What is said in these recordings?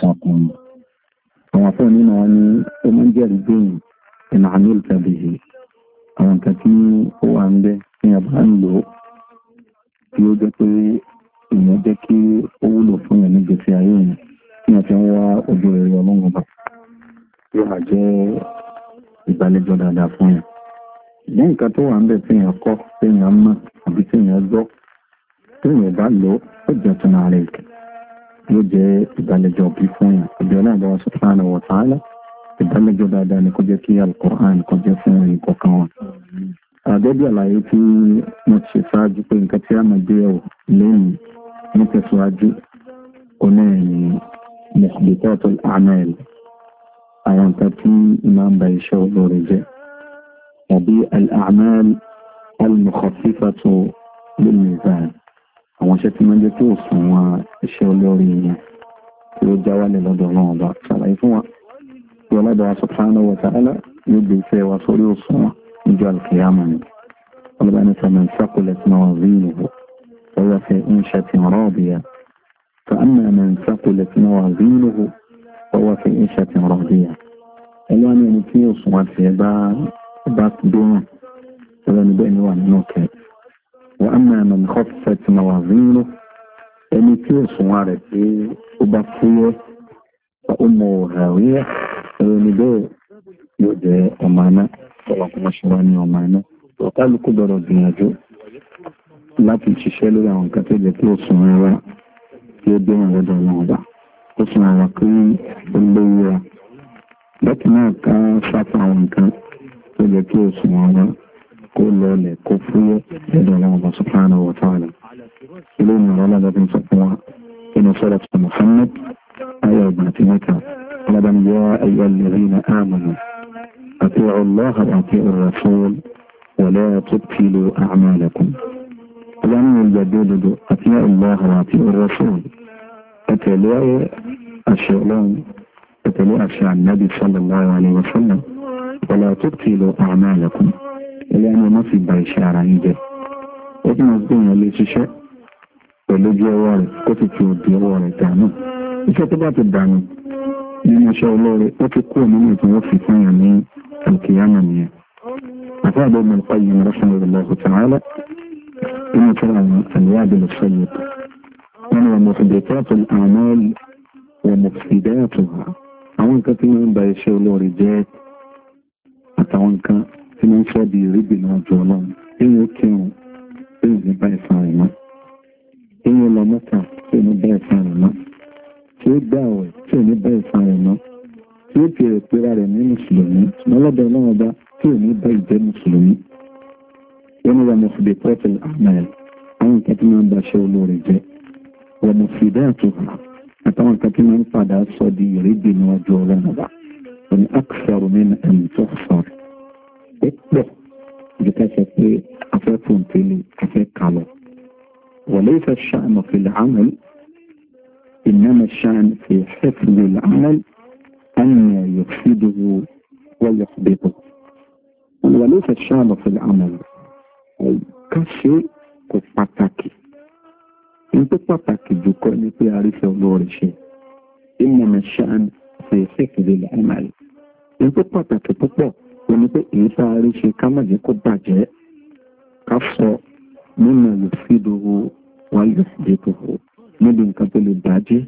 tọkùnrin àwọn afọ nínú wọn ní ó máa ń jẹ́rìí gbẹ̀yìn ìnà àmì ìtàbíyì àwọn nǹkan tí ó wà ń bẹ ní àbá ń lò tí ó jẹ́ pé èèyàn jẹ́ kí ó wúlò fún èèyàn ní gbèsè ayé yẹn tí wọ́n fi ń wá ojú rere ọlọ́run ọba yóò máa jẹ́ ìgbàlejò dáadáa fún yẹn ní nǹkan tó wà ń bẹ tí èèyàn kọ́ tí èèyàn mọ̀ àbí tí èèyàn gbọ́ tí èèyàn bá lò ó jẹ́ tún ara rẹ̀ kẹ́ yóò jẹ́ ìbálẹ́jọ́ bí fún yàn ìbẹ̀rẹ̀ náà lọ́wọ́ subhanahu wa ta'ala ìbálẹ́jọ́ dáadáa ni kó jẹ́ kí alukur'an kó jẹ́ fún ìkọ̀ kan wa. àgẹ́bí àlàyé tí mo ti ṣe ṣáájú pé nǹkan tí a máa gbé ẹ̀wọ̀ lẹ́yìn ní tẹ̀síwájú oní ẹ̀yìn mẹ̀sìlẹ́tọ̀tò àmẹ́ẹ̀lì àwọn nǹkan tí máa ń ba iṣẹ́ olóore jẹ́ tàbí al-a'mal al-mukhaffifatu lil-mizan àwọn iṣẹ́ tí máa ń jẹ́ kí òṣùwọ̀n iṣẹ́ olórí yẹn kí ó já wálẹ̀ lọ́dọ̀ ọlọ́run ọba ṣàlàyé fún wa bí ọlọ́dọ̀wà subhanahu wa ta'ala yóò gbé iṣẹ́ wa sórí òṣùwọ̀n níjọ́ alkiyama ni ọlọ́ba ní sọmọ ìṣàkólẹ̀ tí wọ́n rí ìlú ọwọ́ fẹ́ ń ṣe ti rán ọ̀bì ya فأما من ثقلت موازينه فهو في عيشة راضية ẹlọ́ni ẹni tí òṣùwọ̀n tiẹ̀ bá bá dúró ẹlọ́ni bẹ́ẹ̀ wọ́n á máa nà kọ́fẹ́ tí wọ́n wà nínú ẹni tí ó sùn rẹ̀ pé ó bá fúyẹ́ ọmọ òhàwíyà ẹni bẹ́ẹ̀ yóò jẹ́ ọmọ aná ọlọ́kùnmọ́ṣe wá ní ọmọ aná ọ̀kálukú gbọ́dọ̀ gbìyànjú láti ṣiṣẹ́ lórí àwọn nǹkan tó jẹ́ kí ó sùn rárá tí ó dé wọn lọ́dọ̀ ọlọ́run bá ó sùn rárá pé ó lówó ra bákan náà ká sáfà àwọn nǹkan tó jẹ́ kí ó sùn rárá kó lọlẹ̀ kó fúyẹ́ lọ́dọ̀ ọlọ́run ọba subhanahu wa ta'ala ilé ìrìnàrọ̀ alábàbí sọ fún wa inú sọ́dọ̀ tó Muhammad ayọ̀ ọ̀gbọ̀n àti mẹ́ta alábàm yọ ayọ̀ alladhina amanu ati'u Allaha wa ati'u ar-rasul wa la tubtilu a'malakum ọlọ́run ìgbàgbé dodo ati'u Allaha wa ati'u ar-rasul ẹ̀tẹ̀lé àṣẹ ọlọ́run ẹ̀tẹ̀lé àṣẹ ànábì sallallahu alayhi wa sallam wa la tubtilu a'malakum ẹlẹ́nu ọmọ fi bà iṣẹ́ ara yín jẹ́ ó túnmọ̀ sí pé èèyàn lè ṣiṣẹ́ pẹ̀lú ojú ọwọ́ rẹ̀ kó sì fi òdì ọwọ́ rẹ̀ dànù iṣẹ́ tó bá ti dànù nínú iṣẹ́ olóore ó ti kúrò nínú ìtàn ó fi fún yàn ní àlùkìyàmọ̀ nìyẹn àfẹ́ àbẹ́ mi pa yìí mọ̀rọ́ fún ọlọ́hùn tààlà inú fún àwọn àlùwádìí lọ sọ́yẹ̀ tó wọn wà mọ̀ fìdí tó àtọ̀ àmọ́ wà mọ̀ fìdí àtọ̀ àwọn nǹkan tí wọ́n ń ba iṣẹ́ olóore jẹ́ àtàwọn nǹkan tí wọ́n fọ́ di ìrìbì lọ́jọ́ ọlọ́run èèyàn kírun èèyàn ní báyìí fa àrùn mọ́ èèyàn lọ mọ́ta tí ò ní báyìí fa àrùn mọ́ tí ó gbà ọ̀rẹ́ tí ò ní báyìí fa àrùn mọ́ tí ó ti rẹ̀ pera rẹ̀ ní mùsùlùmí lọ́lọ́dọ̀ ọlọ́run ọba tí ò ní báyìí jẹ́ mùsùlùmí wọ́n ní wàmọ̀ fìdí pọ́tìl àwọn nǹkan tí máa ń baṣẹ́ olóore jẹ́ wàmọ̀ fìdí àtúhà àtàwọn nǹkan tí وليس الشأن في العمل إنما الشأن في حفظ العمل أن يفسده ويحبطه وليس الشأن في العمل أي كشي كفتاكي إن فتاكي جوكوني في عريسة ولورشي إنما الشأن في حفظ العمل إن فتاكي تطبق òní pé èyí tá a rí ṣe ká má jẹ́ kó bàjẹ́ ká sọ nínú ìfìdòwò wáyé ìdèkòwò níbi nǹkan tó lè bàjẹ́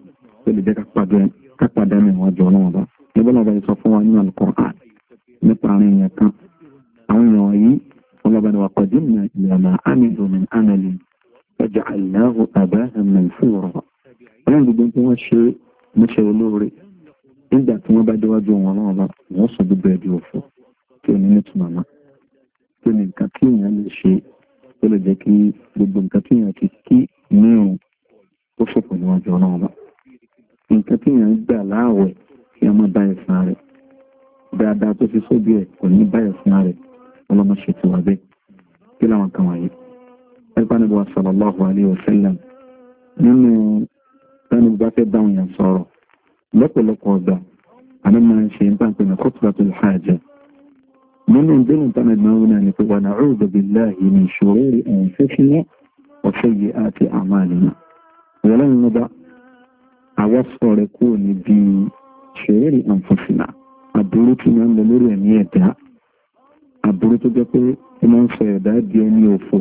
tó lè jẹ́ ká pàdánù ìwájú ọlọ́run bá níbẹ̀ lọ́ba yìí sọ fún wa ní Al-Qur'an nípa àárín yẹn kan àwọn èèyàn wọ̀nyí ọlọ́ba ni wà pàdé ní ìlànà àmìlò min àmàlì ọjà àìláhù àbáhàn mẹ́fúrọ̀ ọlọ́run gbogbo tí wọ́n ṣe níṣẹ́ olóore nígbà tí wọ́n bá déwájú wọn lọ́wọ́ wọn sọ gbogbo ẹ̀dí òfin tí ò ní nítumọ̀ mọ́ tó ní nǹkan tí èèyàn lè ṣe tó lè jẹ́ kí gbogbo nǹkan tí èèyàn ti kí mírùn ó ṣòfò níwájú ọlọ́run bá nǹkan tí èèyàn gbà láàwẹ̀ kí a má bá ẹ̀sán rẹ̀ dáadáa tó fi sóbi ẹ̀ kò ní bá ẹ̀sán rẹ̀ ọlọ́mọ ṣe ti wà bẹ́ẹ̀ kí láwọn kan wáyé ẹgbẹ́ níbo sọ̀rọ̀ lọ́pọ̀lọpọ̀ ọgbà àmì máa ń ṣe ń bá ń pè ní khutbatul hajah منهم دون تمد مونا نقول ونعوذ بالله من شرور أنفسنا وسيئات أعمالنا ولن نضع أوصر يكون أنفسنا aburú tí máa ń lọ lórí ẹ̀mí ẹ̀dá aburú tó jẹ́ pé ó máa ń sọ ẹ̀dá di ẹni òfò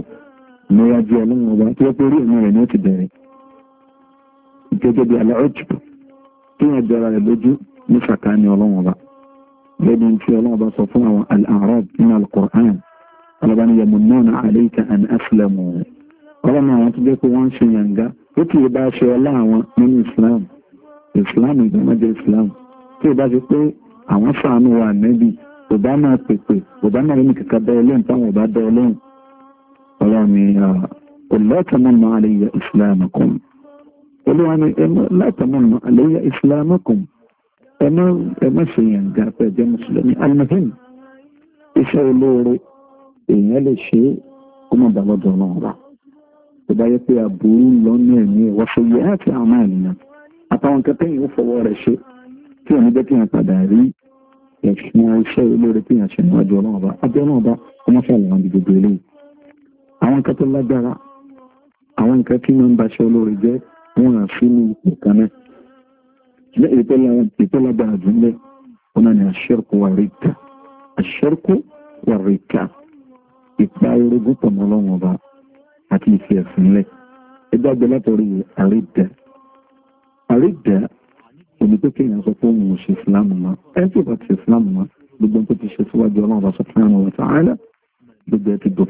níwájú ọlọ́run ọba tó rẹ̀ ní ó ti bẹ̀rẹ̀ gẹ́gẹ́ bí aláọ́jù tó yàn gẹ́gẹ́ tí ọlọ́ọ̀bá sọ fún àwọn al'arab nínú al-Qur'an ọlọ́bá ni yẹmù náà alayka an aslamu ọlọ́nà àwọn tó jẹ́ pé wọ́n ń ṣe yànga ó kì í bá ṣe ọlá àwọn nínú islam islam ìgbàmọ́jẹ́ islam tí ó bá ṣe pé àwọn ṣàánú wa nẹ́bì obama pèpè obama rí ní kàkà bẹ́ẹ̀ lẹ́yìn táwọn ọba bẹ́ẹ̀ lẹ́yìn ọlọ́run ni ọlọ́tàmọ́nà alayya islamakum ẹ má ṣe yàn ga pé ẹjẹ́ mùsùlùmí almahim iṣẹ́ olóore èèyàn lè ṣe kó má bà lọ́dọ̀ ọlọ́run wa tó bá yẹ pé aburú lọ́nà ẹ̀mí ẹ̀wọ́ fún yẹ àti àwọn ènìyàn àtàwọn kẹtẹ́ yìí ó fọwọ́ rẹ̀ ṣe tí òun jẹ́ kí yẹn padà rí ẹ̀sùn iṣẹ́ olóore tí yẹn ṣe níwájú ọlọ́run ọba abẹ́ ọlọ́run ọba ọmọ fẹ́ràn wọn di gbogbo eléyìí àwọn nǹkan tó lágbára àwọn nǹkan tí wọ́n ń baṣẹ́ olóore jẹ́ wọ́n àfínú ìpò kan ìtọ́lágbára jù lẹ́ ọ̀nà ni àṣẹ́rùkú wà ríkà àṣẹ́rùkú wà ríkà ìpa orogún tọ̀mọ́ ọlọ́run ọba àti ìfẹ́ ẹ̀sìn lẹ̀ ẹgbàgbẹ́ látọ̀rí àrídà àrídà òní pé kéèyàn sọ pé òun ò ṣe ìsìlámù mọ́ ẹ tí ò bá ti ṣe ìsìlámù mọ́ gbogbo tó ti ṣe síwájú ọlọ́run ọba subhanahu wa ta'ala gbogbo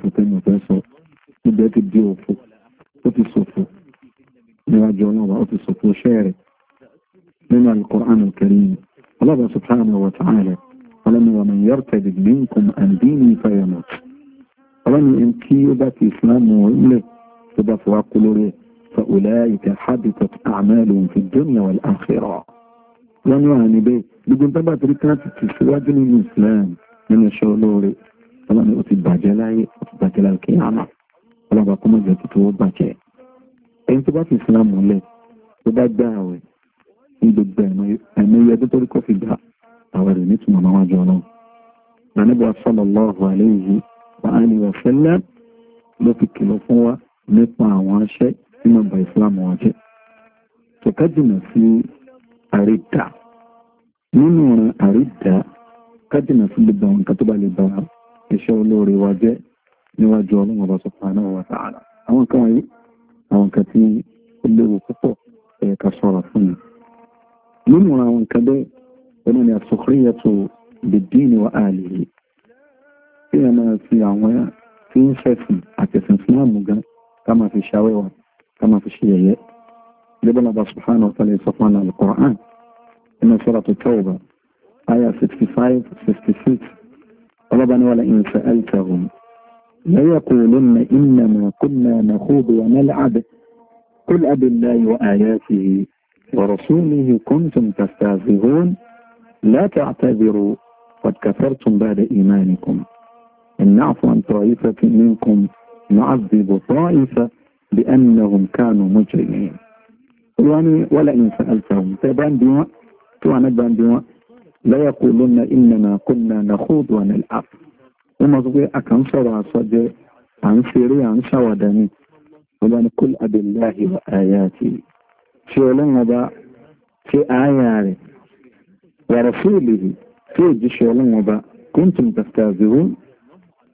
من القرآن الكريم الله سبحانه وتعالى قال ومن يرتد منكم عن ديني فيموت قال إن كيبت إسلام وإملك تبف وقلوله فأولئك حبطت أعمالهم في الدنيا والآخرة wọ́n yóò hàn níbẹ̀ gbogbo tábà torí káàtì ti síwájú nínú Islam nínú ẹ̀ṣọ́ olóore ọlọ́run ó ti bàjẹ́ láyé ó ti bàjẹ́ láyé kí àmà ọlọ́run bá kọ́mọ̀jẹ́ tuntun ó bàjẹ́ ẹni tó bá fi Islam múlẹ̀ tó bá gbá àwẹ̀ ní gbogbo ẹ̀mẹ́yẹ tó torí kó fi gbà àwọn rẹ̀ nítumọ̀ máa wájú ọ̀nà nàníbọ̀ sallallahu alayhi wa alihi wa sallam ló fi kìlọ̀ fún wa nípa àwọn aṣẹ́ tí wọ́n bá ìsìlámù wọn jẹ́ tọ́ka jìnà sí àrídà nínú ọ̀ràn àrídà kájìnà sí gbogbo àwọn nǹkan kan wáyé àwọn nǹkan tí ó léwu púpọ̀ من هنا وانكده ومن السخرية بالدين وآله في أما في عمويا في سيسن حتى سنسنا مجان كما في شاوية كما في شيئية لبن الله سبحانه وتعالى صفانا القرآن إن سورة التوبة آية 65-66 ولبن ولا إن سألتهم ليقولن إنما كنا نخوض ونلعب قل أب الله وآياته ورسوله كنتم تستهزئون لا تعتذروا قد كفرتم بعد إيمانكم إن نعفو عن طائفة منكم نعذب طائفة بأنهم كانوا مجرمين يعني ولئن سألتهم تبان بما تعنت بان بما لا يقولون إننا كنا نخوض ونلعب وما زوي أكن صرع صدر عن سيري عن شوادني وبان كل ابي الله وآياته tí ọlọ́run ọba tí ààyè rẹ̀ wàrà fún ìlèrí tí òjíṣẹ́ ọlọ́run ọba kúntùm tàstàzìrú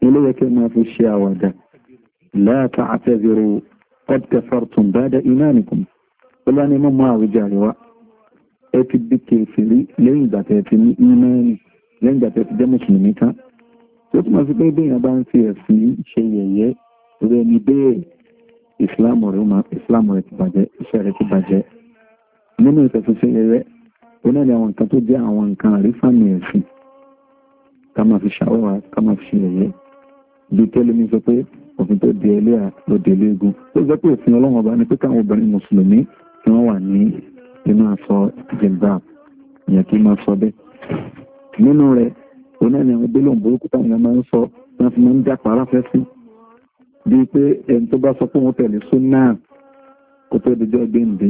ilé yẹ kí máa fi ṣe àwàdà láàtà àtẹ́zìrú ọdẹ fọ́tùn bada ìmánìkùn ọlá ni mọ́ máa wíjà àríwá ẹ ti bí kèfèrí lẹ́yìn ìgbà tẹ̀ ti ní lẹ́yìn ìgbà ìsìláàmù rẹ̀ ti bàjẹ́ iṣẹ́ rẹ̀ ti bàjẹ́ nínú ìfẹ̀sùnsí rẹ̀ oná ni àwọn nǹkan tó jẹ́ àwọn nǹkan àrífàmì ẹ̀sìn ká máa fi ṣàwọ́wà ká máa fi ṣe ẹ̀yẹ bí tẹ́lẹ̀ mi sọ pé òfin tó di ẹlẹ́à ló di eléegun ó sọ pé òfin ọlọ́run ọba ni pé káwọn obìnrin mùsùlùmí kí wọ́n wà ní inú aṣọ jilbab ìyẹn kí máa sọ bẹ́ẹ̀ nínú rẹ̀ oná ni àwọn gbólóhùn burúkú táwọn èèyàn máa ń sọ wọ́n máa ń jápa aráfẹ́ sí bí pé ẹni tó bá sọ fún wọn tẹ̀lé súnà kò tó dìjọ́ gbéǹde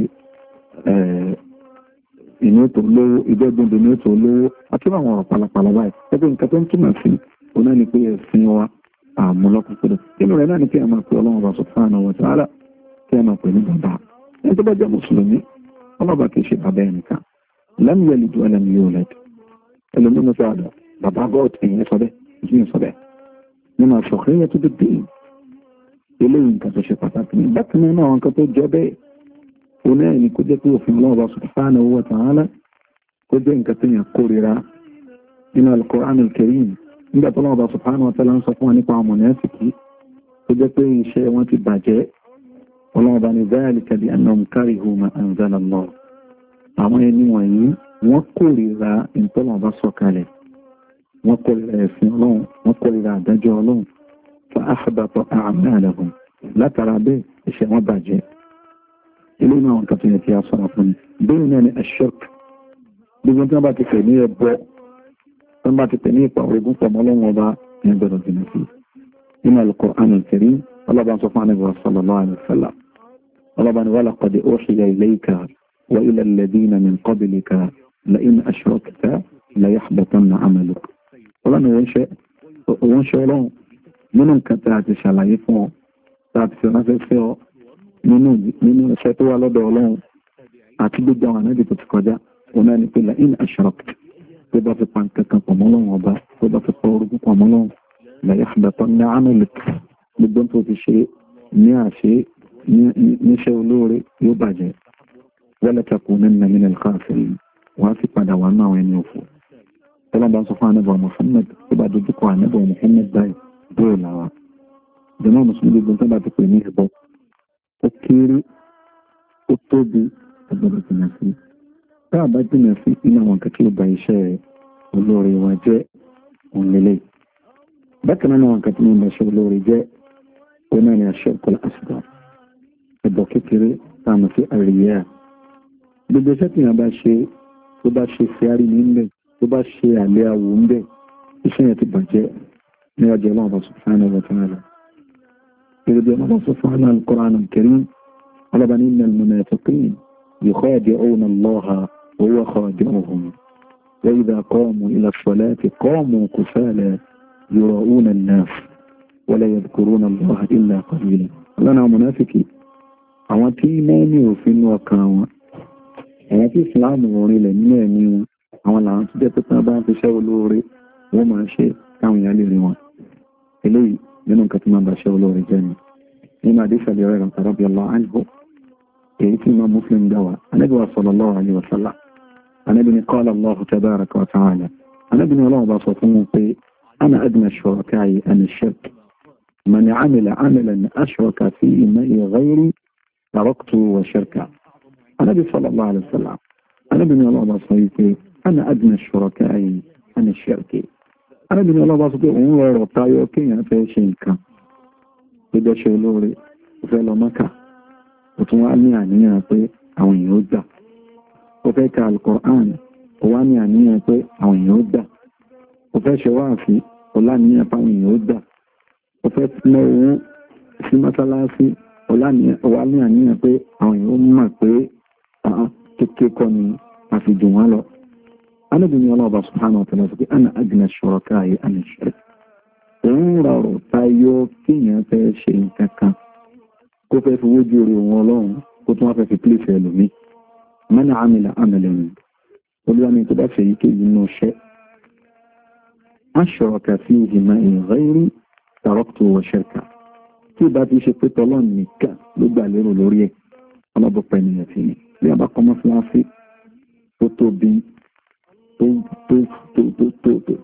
ìní ètò olówó ìjọ́ gbéǹde ní ètò olówó akíwà àwọn ọ̀rọ̀ palapala báyìí ẹgbẹ́ nǹkan tó ń túmọ̀ sí òun náà ni pé ẹ̀sìn wa àmúlọ́kùnkúndùn inú rẹ̀ náà ni kí ẹ máa pè ọlọ́run bá subhanahu wa ta'ala kí ẹ máa pè ní bàbá ẹni tó eléyìí nǹkan tó ṣe pàtàkì ní bákan náà àwọn nǹkan tó jọ bẹ́ẹ̀ oní ẹ̀yìn kó jẹ́ pé òfin ọlọ́ọ̀bá subhanahu wa ta'ala kó jẹ́ nǹkan tó yàn kórira nínú al-Qur'an al-Karim nígbà tó ọlọ́ọ̀bá subhanahu wa ta'ala ń sọ fún wa nípa àwọn mọ̀nẹ́sìkì tó jẹ́ pé iṣẹ́ wọn ti fàáhàbàtọ̀ àmàlẹ̀hùn látara bẹ́ẹ̀ iṣẹ́ wọn bàjẹ́ ilé náà wọn kàtó yẹ kí a sọ̀rọ̀ fún mi bẹ́ẹ̀ náà ni ashirk gbogbo tí wọ́n bá ti pè ní ẹbọ tí wọ́n bá ti pè ní ipa ogun pọ̀mọ́ lọ́wọ́ ọba ní ẹgbẹ̀rún jìnnà sí nínú al-Qur'an al-Karim min qablika la'in ashrakta la yahbatanna 'amaluk ọlọ́ni wọ́n ṣe ọlọ́run nínú nǹkan tí a ti ṣàlàyé fún ọ tá a ti ṣe ránṣẹ́ sí ọ nínú iṣẹ́ tó wà lọ́dọ̀ ọlọ́run àti gbogbo àwọn ànábì tó ti kọjá ọ̀nà ẹni pé lẹ́yìn àṣọ̀rọ̀kì tó bá fi pa nǹkan kan pọ̀ mọ́lọ́run ọba tó bá fi pa orogún pọ̀ mọ́lọ́run lẹ́yìn àbẹ̀tọ́ ní amẹ́lẹ̀k bẹ́ẹ̀ lára ìjọba mùsùlùmí gbogbo tó bá ti pè ní ẹbọ ó kéré ó tóbi ọgbọ̀dọ̀ jìnà sí tá a bá jìnà sí iná àwọn kan tí ó ba iṣẹ́ olóore wọn jẹ́ òun lélẹ̀ bákan náà àwọn kan tí wọ́n ba iṣẹ́ olóore jẹ́ ó náà aṣọ ìkọlá àṣìkò ẹbọ kékeré tá sí àríyá gbogbo iṣẹ́ tí wọ́n bá ṣe tó bá ṣe fíárì ní ń bẹ̀ tó bá ṣe àlẹ́ àwò ń bẹ̀ iṣẹ́ yẹn ti bàjẹ́ يرجع الله سبحانه وتعالى يرجع الله سبحانه القرآن الكريم طلب إن المنافقين يخادعون الله وهو خادعهم وإذا قاموا إلى الصلاة قاموا كسالى يراؤون الناس ولا يذكرون الله إلا قليلا لنا منافقين àwọn tí mẹ́ni òfin ní ọkàn wọn ẹ̀yà tí ìsìláàmù orinlẹ̀ nínú ẹ̀mí wọn àwọn làwọn tó jẹ́ pé tán bá ń olóore wọ́n máa ṣe káwọn rí wọn eléyìí nínú nǹkan tí máa bá ṣe olóore jẹ́ ni nínú àdéṣà lè rẹ̀ràn tàbí ọlọ́ àìhó èyí tí máa muslim gbà wá anábì wa sallallahu alaihi wa sallam anábì ni qala Allahu tabaraka wa ta'ala anábì ni ọlọ́run bá sọ fún wọn pé ana adna shuraka'i an shirk man 'amila 'amalan ashraka fihi ma'i ghayri taraktuhu wa shirkahu anábì arábìnrin ọlọ́ba sọ pé òun rọrọ̀ tayọ kéèyàn fẹ́ ṣe nǹkan tó jẹ́ ṣe olóore ó fẹ́ lọ mọ́kà ó tún wá ní àníyàn pé àwọn èèyàn ó gbà ó fẹ́ ka alukoran ó wá ní àníyàn pé àwọn èèyàn ó gbà ó fẹ́ ṣe wáàfí ó fáwọn èèyàn ó gbà ó fẹ́ mọ owó sí mọ́sálásí ó ní àníyàn pé àwọn èèyàn ó mọ̀ pé kékeré kọ́ ni àfijù wọn lọ anábìnrin ọlọ́ọ̀bá subhanahu wa ta'ala sọ pé ana agna ṣọ̀rọ̀ká ayé ana ṣẹ̀rẹ̀ òun rọrùn tayọ kéèyàn fẹ́ ṣe nǹkan kan kó fẹ́ fi wójú orí òun ọlọ́run kó tún wá fẹ́ fi pílẹ̀fẹ́ ẹlòmí mẹ́nà àmìlà àmìlẹ̀ rẹ̀ olúwàmí tó bá fẹ́ yí kéjì inú ṣẹ́ aṣọ̀rọ̀kà sí ìhìmọ̀ ìrẹ́rí tàrọ́kùtù wọ̀ṣẹ̀kà tí ìbá nìyẹn fi ni bí a bá kọ́mọ́ fún wa sí tó tóbi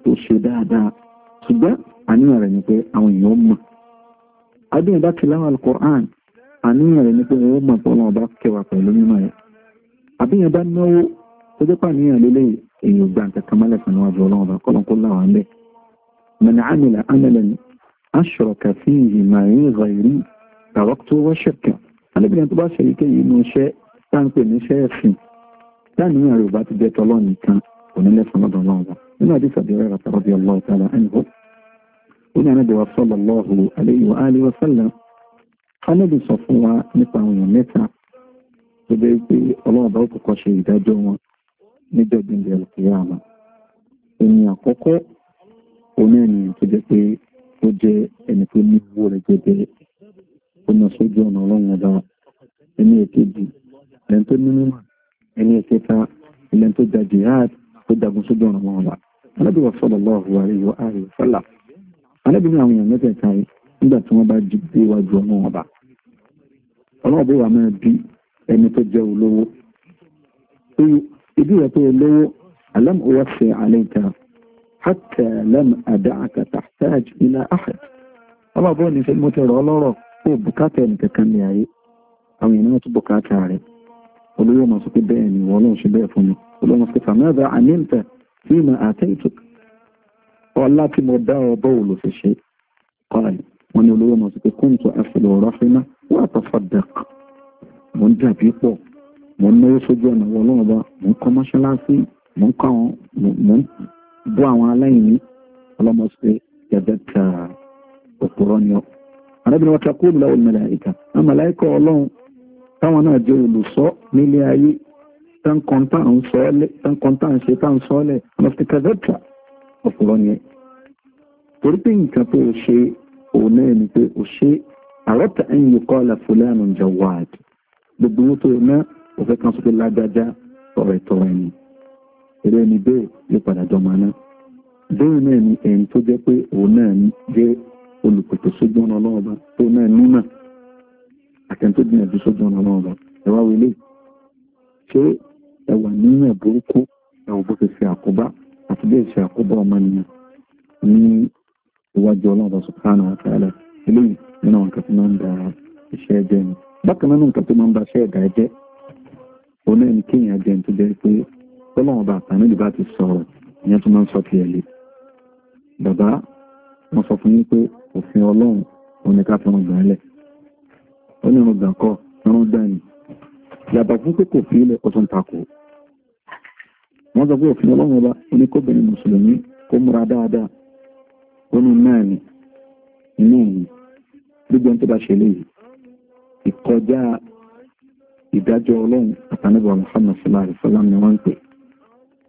tó ṣe dáadáa ṣùgbọ́n àníyàn rẹ̀ ni pé àwọn èèyàn mọ̀ adéyìn bá ti láwọn alukoran àníyàn rẹ̀ ni pé wọ́n mọ̀ tọ́lọ́ ọba kẹwà pẹ̀lú mímọ̀ rẹ̀ àbíyàn bá náwó tó jẹ́ pàníyàn lélẹ̀ èèyàn gbà kankan mọ́lẹ̀ pẹ̀lú ọjọ́ ọlọ́run ọba kọ́lọ́n kó láwọn bẹ́ẹ̀ mọ̀nà àmìlà àmìlẹ̀ ni aṣọ̀rọ̀kà sí ìyìnmọ̀ ìrìn ìrìn tàwọn tó wọ́ṣẹ̀kà alẹ́bìnrin tó bá ṣe èyíkéyìí inú iṣẹ́ táǹpẹ̀ níṣẹ́ ẹ̀sìn láàrin àrùbá ti jẹ́ tọ́lọ́ nìkan ونلف مدى الله من حديث أبي هريرة رضي الله تعالى عنه هنا ندعو صلى الله عليه وآله وسلم النبي صفوة نقع ومتع وبيبي الله بأوكك شهيدا جوما níjọ́ gbìndẹ̀ alkiyama ẹni àkọ́kọ́ onáàni tó jẹ́ pé ó jẹ́ ẹni tó ní owó rẹ̀ gẹ́gẹ́ ọ̀nà sójú ọ̀nà ọlọ́run ọba ẹni èkejì ẹni tó ní mímọ̀ ẹni ẹ̀kẹta ẹni tó jà jihad tó jagun sójú ọ̀nà wọn wà alábí wa sallallahu alaihi wa alihi wa sallam alábí ní àwọn èèyàn mẹ́tẹ̀ẹ̀ta yìí nígbà tí wọ́n bá jí dé iwájú ọmọ ọba ọlọ́run bí wà máa bí ẹni tó jẹ́ olówó ibi rẹ̀ tó olówó alam uwasi alayka hatta lam ada'aka tahtaj ila ahad ọlọ́run bó ní fẹ́ mo ọlọ́rọ̀ kó bùkátà ẹnì ní ayé àwọn èèyàn náà tún bùkátà rẹ̀ olóyè máa sọ pé bẹ́ẹ̀ ni wọ́n lọ́n ṣe bẹ́ẹ̀ fún mi olóyè máa sọ pé fàmẹ́ẹ̀dà àníntẹ̀ sí ìmọ̀ àtẹ́ìtùk ọlá tí mo dá ọbọ̀ wò ló fi ṣe kọ́ọ̀lì wọn ni olóyè máa sọ pé kóńtò àfẹlẹ̀ ọ̀rọ̀ fínà wọ́n àtọ̀fọ̀dàk mo ń dàbí pọ̀ mo ń náwó sójú ọ̀nà wọ ọlọ́run ọba mo ń kọ́ mọ́ṣáláṣí mo ń kọ́ àwọn mo ń bú àwọn aláìní ọlọ́mọ sọ pé gẹ́gẹ́ ká òpùrọ́ ni ọ táwọn náà jẹ́ olùsọ́ nílé ayé tán kọ́ńtà ń ṣe tá ń sọ́ọ́lẹ̀ mọ́síkàdẹ́tà ọ̀pọ̀lọ́ yẹn torí pé nǹkan tó ṣe òun náà ni pé ò ṣe àrọ́tà ń yí kọ́ la fúlànà jawad gbogbo owó tó ná òfẹ́ kan sókè lágbájá ọ̀rẹ́ tọrọ ẹni eré ni bẹ́ẹ̀ ló padà jọmọ náà bẹ́ẹ̀ náà ni ẹni tó jẹ́ pé òun náà jẹ́ olùpètè sójú ọ̀nà ọlọ́ọ̀bá tó náà nímọ̀ àtẹ̀ntó gbìyànjú sójú ọ̀nà náà lọ ẹwà wílé ṣé ẹwà nínú ẹ̀bùrúkú ẹwà bó ṣe ṣe àkóbá àti bí ìṣe àkóbá ọmọnìyàn ní iwájú ọlọ́ọ̀bá subhanahu wa ta'ala eléyìí nínú àwọn nǹkan tó máa ń da iṣẹ́ ẹ̀jẹ̀ ni bákan náà nǹkan tó máa ń ba iṣẹ́ ẹ̀dá ẹ̀jẹ̀ òun náà ni kéèyàn jẹun tó jẹ́ pé tọ́lọ́wọ́n bá àtàn sọ fún yín pé òfin ọlọ́run òun ni ká fi wọn gbọ́n lẹ̀ onírun gàkọ́ irun dání yàtọ̀ fún pé kò fi ilẹ̀ ọ̀tún takò wọ́n sọ pé òfin ọlọ́run ọba oníkóbìnrin mùsùlùmí kó múra dáadáa onú náà ni inú òun gbogbo ohun tó bá ṣe léyìí ìkọjá ìdájọ́ ọlọ́run àtànẹ́bọ̀ Muhammad sallallahu alaihi wasallam ni wọ́n ń pè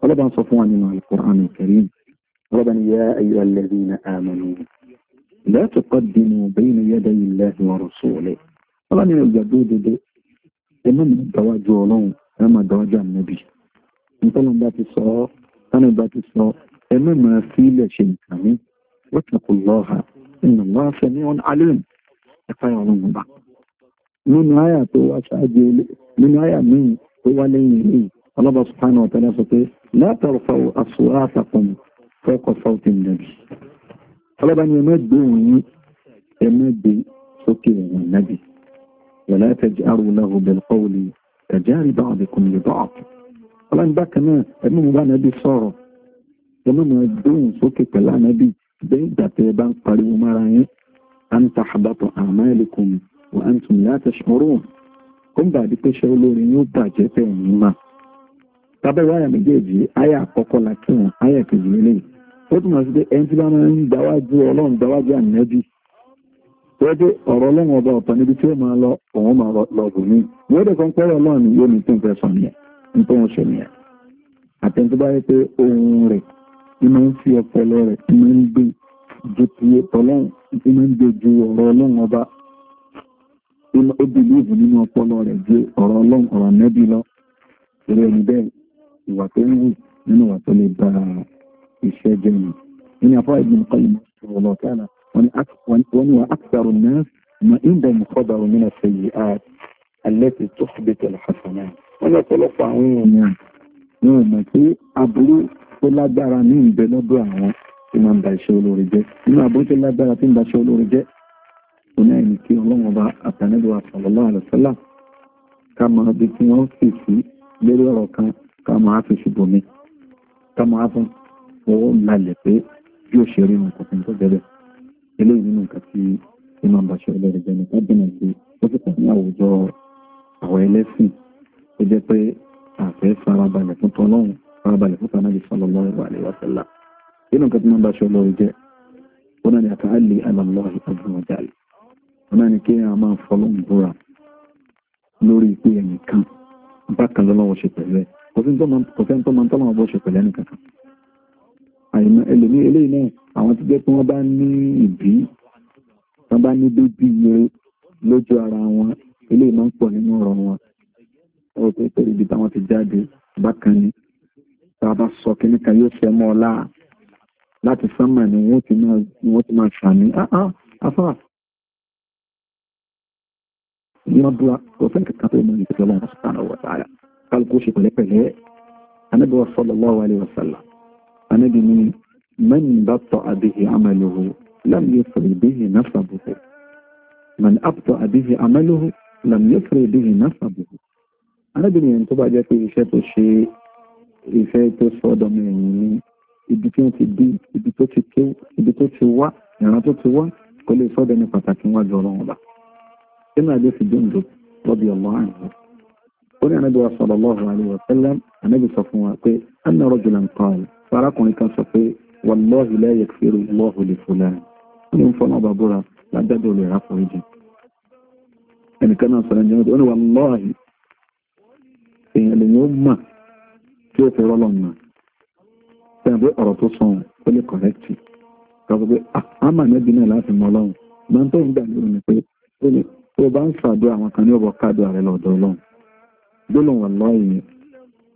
ọlọ́ba ń sọ fún wa nínú al-Qur'an al-Karim ọlọ́ba ni yá ayyuha alladhina amanu la tuqaddimu bayna yaday Allahi wa rasulihi ọlọ́ni ìgbàgbọ́ òdodo ẹ má mi dáwájú ọlọ́run ẹ má dáwájú ànábì nítorí bá ti sọ ọ́ tánà bá ti sọ ẹ má máa fi ilẹ̀ ṣe nǹkan mi wọ́n ti kò lọ́ ha ẹnà wá fẹ́ ní ọ̀nà alẹ́rìn ẹ fáyà ọlọ́run bá nínú àyà tó wá ṣáájú nínú àyà míì tó wá ni ẹ gbé òun yín ẹ gbé sókè òun nàbì ولا تجأروا له بالقول كجار بعضكم لبعض ọlọ́run bákan náà ẹ̀mí mi bá nàbí sọ̀rọ̀ ẹ̀mí mi dóhùn sókè pẹ̀lú ànábì bẹ́ẹ̀ ìgbà tẹ́ ẹ bá ń pariwo mára yín à ń ta àbátọ̀ àmàlẹ́kùn wà á ń tún láti ṣọ́rọ̀ ó ń bàdí pé ṣé olórí yóò bàjẹ́ tẹ̀ ẹ̀yìn mà. tábẹ́rù àyà méjèèjì àyà àkọ́kọ́ la kí wọn àyà kejì lélẹ̀ ó túmọ̀ sí pé ẹni tí bá máa ń gbáwájú ọlọ́run gbáwájú ànábì wẹ́dẹ́ ọ̀rọ̀ ọlọ́run ọba ọ̀tọ̀ níbi tí ó máa lọ òun máa lọ bù ní wẹ́dẹ́ kan pẹ́rọ ọlọ́run ni yóò ní tí ń fẹ́ sọ nìyẹn ní tó ń ṣe nìyẹn àtẹni tó bá yẹ pé ohun rẹ̀ ní máa ń fi ọpọlọ rẹ̀ ní máa ń gbé ju ti ọlọ́run ní máa ń gbé ju ọ̀rọ̀ ọlọ́run ọba ba iṣẹ́ jẹ́ nù nínú àfọ́ ìgbìmọ̀ kọ́ ìmọ̀ wọ́n ní wọ́n aksaru náà mọ̀ ìbọn mọ̀kọ́bàrún nínú ṣèyí àlẹ́tì tó fi bẹ́tẹ̀ lọ́fàfàmà wọ́n ní ọ̀pọ̀lọpọ̀ àwọn èèyàn ní ọ̀nà tí aburú tó lágbára ní ìbẹ́ lọ́dọ̀ àwọn tí máa ń ba iṣẹ́ olóore jẹ́ nínú aburú tó lágbára tí ń ba iṣẹ́ olóore jẹ́ òun náà ní kí ọlọ́run ọba àtànẹ́lùwà sallallahu alaihi wasallam ká máa bí tí wọ́n sì sí lórí ọ̀rọ̀ kan ká máa fi ṣùgbọ́n mi ká máa fún owó ńlá lẹ̀ pé yóò ṣe rí nǹkan tó bẹ̀rẹ̀ eléyìí nínú nǹkan tí ó máa ń baṣọ ẹlẹ́rìí jẹ́ nípa dènà sí ó sì pàdé àwùjọ àwọn ẹlẹ́sìn tó jẹ́ pé àfẹ́ farabalẹ̀ fún tọ́lọ́run farabalẹ̀ fún tànàbí sallallahu alaihi wasallam nínú nǹkan tí máa ń baṣọ ẹlẹ́rìí jẹ́ ó náà ní àtàlẹ́ alàlọ́ọ̀hì ọ̀gbọ̀njàlè ó náà ní kí a máa fọlọ́run búra lórí pé ẹnìkan bákan lọ́lọ́wọ́ ṣe pẹ̀lú ẹ̀ kò sí ní tó máa ń tọ́lọ́wọ́ bọ́ ṣe pẹ̀lú ẹnìkan kan àìmọ́ ẹlòmí eléyìí náà àwọn ti jẹ́ pé wọ́n bá ní ìbí wọ́n bá ní bébí yẹn lójú ara wọn eléyìí máa ń pọ̀ nínú ọ̀rọ̀ wọn ó pé pé ibi táwọn ti jáde bákan ni tá a bá sọ kíní kan yóò fẹ́ mọ́ ọlá láti sánmà ni wọ́n ti máa ṣàmì ah, ah, afá ní ọdún kò fẹ́ kankan tó mọ̀ ní ìpínlẹ̀ ọ̀sán ọ̀wọ̀ tààrà kálukú ṣe pẹ̀lẹ́pẹ̀lẹ́ anábẹ́wọ̀ sallallahu alaihi wasallam anábì ní man babta'a bihi amaluhu lam yusri bihi nasabuhu man abta'a bihi amaluhu lam yusri bihi nasabuhu anábì ní tó bá jẹ́ pé iṣẹ́ tó ṣe ìfẹ́ tó sọ́dọ̀mọ ẹ̀yìn ní ibi tí wọ́n ti bí ibi tó ti wá ìran tó ti wá kò lè sọ́dọ̀ ní pàtàkì wọn jọ ọlọ́run ọba arákùnrin kan sọ pé wàlọ́ọ̀hì lẹ́yẹ̀ fèrè lọ́ọ̀hì lè fòlẹ̀ ó ní ń fọ́nà ọba búra lájáde olè ráforíjì ẹnìkan náà sọ̀rọ̀ jẹ́ ó ní wàlọ́ọ̀hì èèyàn lè ní ó mà tí ó fi rọ́lọ̀ mà sẹ́yìn pé ọ̀rọ̀ tó sọ ó lè kọ̀rẹ́kì kọ́kọ́ pé àmà ah, nẹ́bí náà láti mọ ọlọ́run máa ń tó ń gbà lérò ni pé ó ní tó bá ń ṣàdúrà àwọn kan ní ọ̀bọ̀ káàdùn ààrẹ lọ́dọ̀ ọlọ́run gbólóhùn wàlọ́ọ̀hì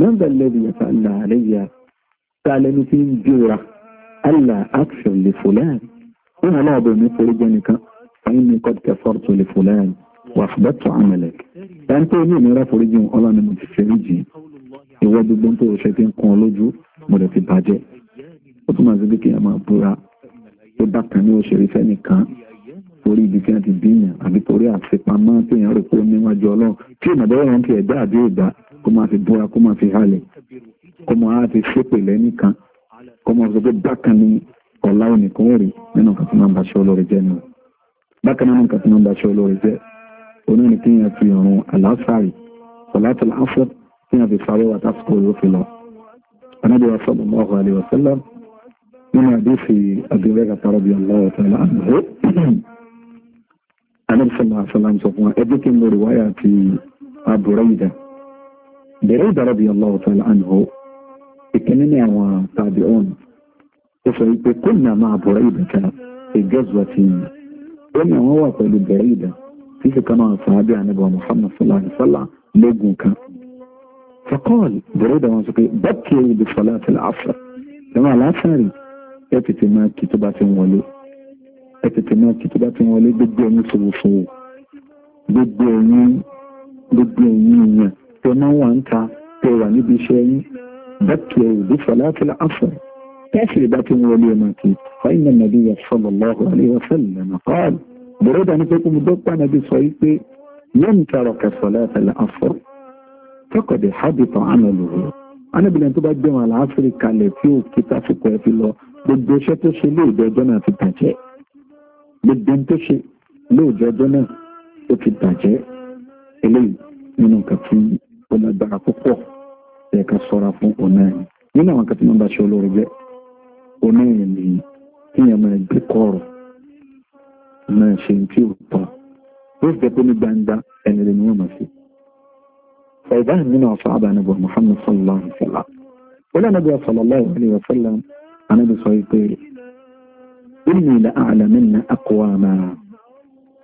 nọ́mbà lẹ́bi yàtọ̀ àlà àlẹ́yà tá lẹ́nu fi ń jura àlà action lè fòláàrí wọn àlà àbò mi forí jẹ nìkan fàyín mi kọ́tù kẹfọ́rù tó lè fòláàrí wà fúbẹ́tù àmàlẹ̀ dáńtó ní ìnira forí jẹun ti bàjẹ́ ó tún máa bí kí ẹ máa búra tó bákan ní òṣèré fẹ́ nìkan torí ibi tí wọ́n ti bíyàn àbí torí àṣepamọ́ tí èèyàn rò pé ó níwájú ọlọ́run tí ìmọ̀dọ́rọ̀ wọn ti ẹ̀dá àbí ìgbà kó máa fi búra kó máa fi halẹ̀ kó máa fi ṣépè lẹ́nìkan kó máa fi gbé bákan ní ọ̀la onìkan rè nínú nǹkan tí máa ń baṣẹ́ olóore jẹ́ nù. bákan náà nǹkan tí máa ń baṣẹ́ olóore jẹ́ onírin kí èèyàn fi ọ̀run àlásàrì ọ̀làtọ̀ kí èèyàn fi sáré wa tásìkò yóò fi lọ. anábì wa sallallahu alaihi wa sallam nínú àdéhùn àbí rẹ̀ ọ̀la ọ̀tọ̀ anábìsọ̀lá àṣọlám sọ fún wa ẹgbẹ́ kí n lórí wáyà àti àbúrẹ́ìdà bẹ̀rẹ̀ ìdára bí ọlọ́wọ́ sọ́lá àná ìkíní ní àwọn tàbí ọ̀n ó sọ wípé kó nà máa àbúrẹ́ìdà ká ìgẹ́zùwà ti yìn ó ní àwọn wà pẹ̀lú bẹ̀rẹ̀ìdà fífi kan náà sàábì ànábì Muhammad sọ́lá àṣọlá lógun kan فقال بريدة وانسكي بكي بصلاة العصر لما العصر يتتماكي تبعث وليه ẹ tètè máa kí tó bá ti wọlé gbogbo ẹ̀yin fòwòfòwò gbogbo ẹ̀yin gbogbo ẹ̀yin èèyàn tẹ máa wà ń ta tẹ wà níbi iṣẹ́ yín bẹ́ẹ̀kì ẹ̀ òbí fàlàfẹ́lá àfọ̀ tẹ́sí ìbá ti wọlé ẹ̀ máa kí fáyínà nàbí yà sọ̀rọ̀ lọ́rọ̀ alẹ́ wà fẹ́lẹ̀ lẹ́nà fáàlì bẹ̀rẹ̀ dání pé kúmu dọ́gba nàbí sọ yí pé yẹn tààrọ̀ kẹfọ̀lẹ́fẹ́lá àfọ̀ tọkọ̀dẹ̀ hábìtàn àmì lòrò anábìlẹ̀ tó bá gbẹ̀wọ̀n àlàáfíríkà lẹ̀ tí ò kí tásìkò ẹ̀ fi lọ gbogbo iṣẹ́ tó ṣe lé ìgbẹ́jọ́ náà ti bàjẹ́ gbogbo tó ṣe lóòjọ́ ọjọ́ náà ó ti bàjẹ́ eléyìí nínú nǹkan tí ó lágbára púpọ̀ ẹ̀ka sọ́ra fún ọ̀nà ẹ̀ nínú àwọn kan tí wọ́n bá ṣe olóore jẹ́ ọ̀nà ẹ̀ ni kíyàn máa gbé kọ̀ọ̀rọ̀ máa ṣe tí ò tọ́ ó sì pé ní gbangba ẹni rẹ̀ ni wọ́n máa ṣe. ọ̀gá nínú àwọn sábà níbo Muhammad sallallahu alaihi wa sallam ó lẹ́nu bí wọ́n sallallahu alaihi wa sallam àná inni la a'lamanna aqwama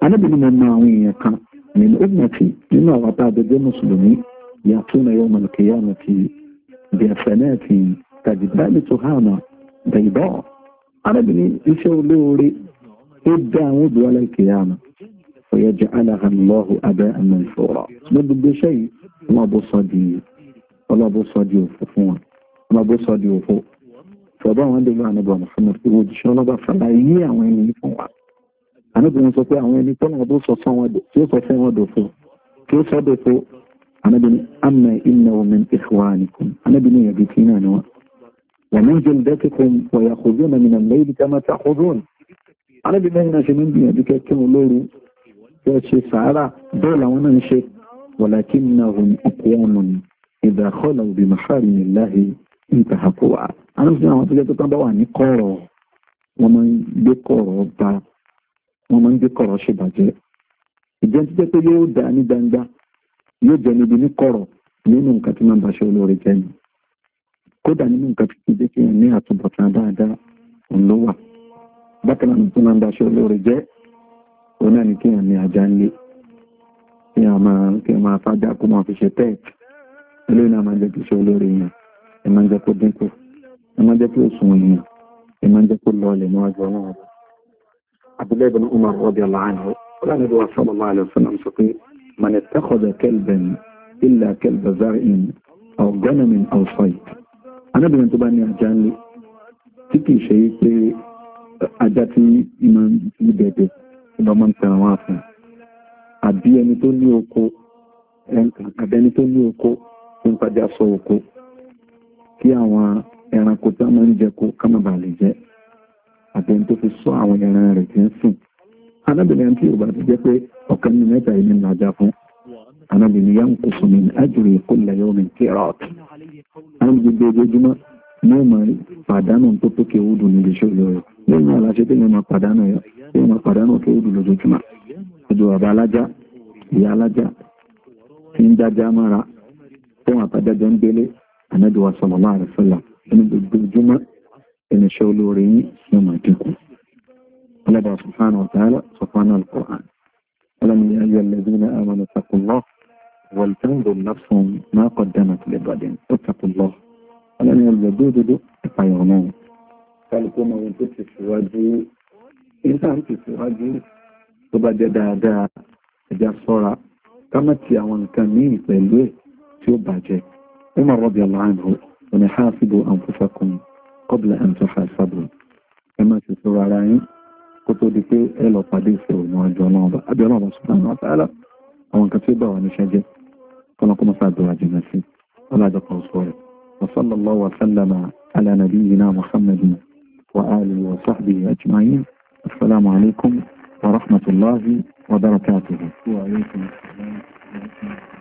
anábìnrin máa ń máa àwọn èèyàn kan nínú ummati nínú àwọn tá a jẹjẹ mùsùlùmí ya'tuna yawma al-qiyamati bi hasanatin tajdaluha bayda arábìnrin iṣẹ́ olóore ó dá àwọn obìnrin aláìkèyàmà ọ̀yẹ́ jẹ́ aláhàmìlọ́hù abẹ́ àmàìfọ́ra ṣùgbọ́n gbogbo iṣẹ́ yìí wọ́n bó sọ di òfò wọn wọ́n di òfò sọ̀dọ̀ àwọn ẹ̀dẹ̀lú ànábì Muhammad pé òjíṣẹ́ ọlọ́ba fàlàyé àwọn ẹni fún wa ànábì wọn sọ pé àwọn ẹni tọ́nà ọdún sọ sọ wọn tí ó sọ fẹ́ wọn dòfo tí ó sọ dòfo ànábì ní amma innahu min ikhwanikum ànábì ní ìyàbí tí náà ni wọn wa min jildatikum wa ya'khudhuna min al-layli kama ta'khudhun ànábì lẹ́yìn náà ṣe ní gbìyànjú kẹ́kẹ́ wọn tí ó ṣe sàárà bẹ́ẹ̀ làwọn náà ń ṣe walakinnahum aqwamun idha khalaw bi maharimillahi intahakuha àrùn àwọn tó jẹ́ pé tán bá wà ní kọ̀rọ̀ wọ́n máa ń gbé kọ̀rọ̀ ba wọ́n máa ń gbé kọ̀rọ̀ ṣèbàjẹ́ ìjẹun tó jẹ́ pé yóò dá ní gbangba yóò jẹ́ níbi ní kọ̀rọ̀ nínú nǹkan tí máa ń olóore jẹ́ ni kódà nínú nǹkan tí jẹ́ kí ní àtúbọ̀tán dáadáa òun ló wà bákan náà tó máa ń baṣẹ́ olóore jẹ́ òun náà ni kí ní ajá ń lé kí a máa kí a máa kó máa fi ṣe tẹ́ẹ̀tì eléyìí náà máa ń jẹ́ kí ṣe olóore yẹn ẹ máa ń jẹ́ kó dínkù ẹ má jẹ́ kí ó sùn èèyàn ẹ má jẹ́ kó lọ ilẹ̀ níwájú ọlọ́run ọba Abdullahi bin Umar radiyallahu anhu ọlọ́run ìlú sallallahu alaihi wasallam sọ pé man ittakhadha kalban illa kalba zar'in aw ghanamin aw sayt anábìrin tó bá ní ajá ńlẹ̀ tí kìí ṣe pé ajá tí ìmọ̀ ìbẹ̀bẹ̀ kí àwọn ẹranko tó máa ń jẹko kámàbà lè jẹ́ àtẹni tó fi sọ àwọn ẹran rẹ̀ tí ń sùn anábìnrin tí yorùbá ti jẹ́ pé ọ̀kan ní mẹ́ta yìí ní nàjà fún anábìnrin yá ń kó sùn ní ajúrò kulla yawmin qirat anábìnrin gbogbo ojúmọ́ náà máa pàdánù tó tó kéwú dùn níbi iṣẹ́ ìlú rẹ̀ lẹ́yìn náà láṣẹ tí yóò máa pàdánù yóò máa pàdánù kéwú dùn lójoojúmọ́ ojú bàbá alájá ìyá alájá tí ń dájá mára tó àtàjájọ ń gbélé anábìwà sallallahu alaihi wasallam ní gbogbo ojúmọ́ ẹnìṣẹ́ olóore yìí yóò máa dínkù ọlọ́dà sọ̀fánà ọ̀tàálà sọ̀fánà alkọ̀án ọlọ́mọ yà yọ lẹ́bí ní àmàlà sàkùlọ́ wọ̀lùtẹ́ǹdò lọ́fún máa kọ̀ dáná tilẹ̀ bàdẹ̀ tó sàkùlọ́ ọlọ́mọ yà lọ dódódó ìpayọ̀ náà ti àwọn nǹkan míì pẹ̀lú ẹ̀ tí ó bàjẹ́ Umar radiyallahu anhu òní háàfìbò àǹfọ́sàkùn kọ́bìlà àǹtọ́fà sábò ẹ má ti sọ̀rọ̀ ara yín kó tó di pé ẹ lọ pàdé ìṣòro ní ọjọ́ náà àbí ọlọ́run sùpàánù àtàlà àwọn nǹkan tí وسلم على نبينا محمد وآله وصحبه أجمعين السلام عليكم ورحمة الله وبركاته